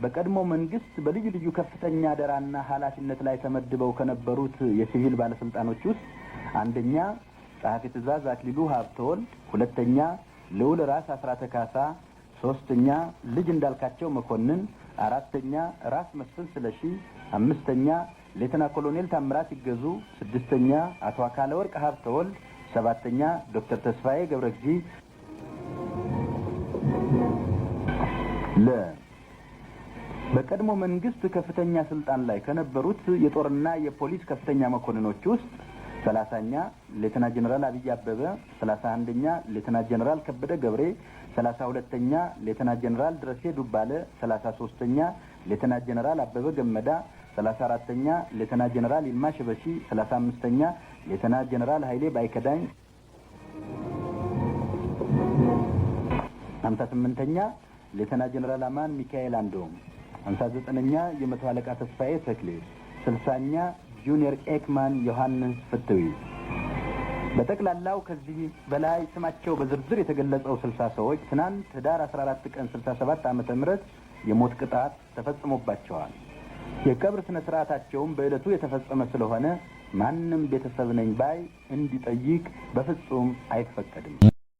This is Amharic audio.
በቀድሞ መንግስት በልዩ ልዩ ከፍተኛ አደራና ኃላፊነት ላይ ተመድበው ከነበሩት የሲቪል ባለስልጣኖች ውስጥ አንደኛ ጸሐፊ ትእዛዝ አክሊሉ ሀብተወልድ፣ ሁለተኛ ልዑል ራስ አስራተ ካሳ፣ ሶስተኛ ልጅ እንዳልካቸው መኮንን፣ አራተኛ ራስ መስፍን ስለሺ፣ አምስተኛ ሌተና ኮሎኔል ታምራት ይገዙ፣ ስድስተኛ አቶ አካለ ወርቅ ሀብተወልድ፣ ሰባተኛ ዶክተር ተስፋዬ ገብረ ለ በቀድሞ መንግስት ከፍተኛ ስልጣን ላይ ከነበሩት የጦርና የፖሊስ ከፍተኛ መኮንኖች ውስጥ ሰላሳኛ ሌተና ጀነራል አብይ አበበ፣ ሰላሳ አንደኛ ሌተና ጀነራል ከበደ ገብሬ፣ ሰላሳ ሁለተኛ ሌተና ጀነራል ድረሴ ዱባለ፣ ሰላሳ ሶስተኛ ሌተና ጀነራል አበበ ገመዳ፣ ሰላሳ አራተኛ ሌተና ጀነራል ይልማ ሸበሺ፣ ሰላሳ አምስተኛ ሌተና ጀነራል ኃይሌ ባይከዳኝ፣ ሀምሳ ስምንተኛ ሌተና ጀነራል አማን ሚካኤል አንዶም፣ ሃምሳ ዘጠነኛ የመቶ አለቃ ተስፋዬ ተክሌ፣ ስልሳኛ ጁኒየር ኤክማን ዮሐንስ ፍትዊ። በጠቅላላው ከዚህ በላይ ስማቸው በዝርዝር የተገለጸው ስልሳ ሰዎች ትናንት ህዳር 14 ቀን 67 ዓመተ ምህረት የሞት ቅጣት ተፈጽሞባቸዋል። የቀብር ስነ ስርዓታቸውም በዕለቱ የተፈጸመ ስለሆነ ማንም ቤተሰብ ነኝ ባይ እንዲጠይቅ በፍጹም አይፈቀድም።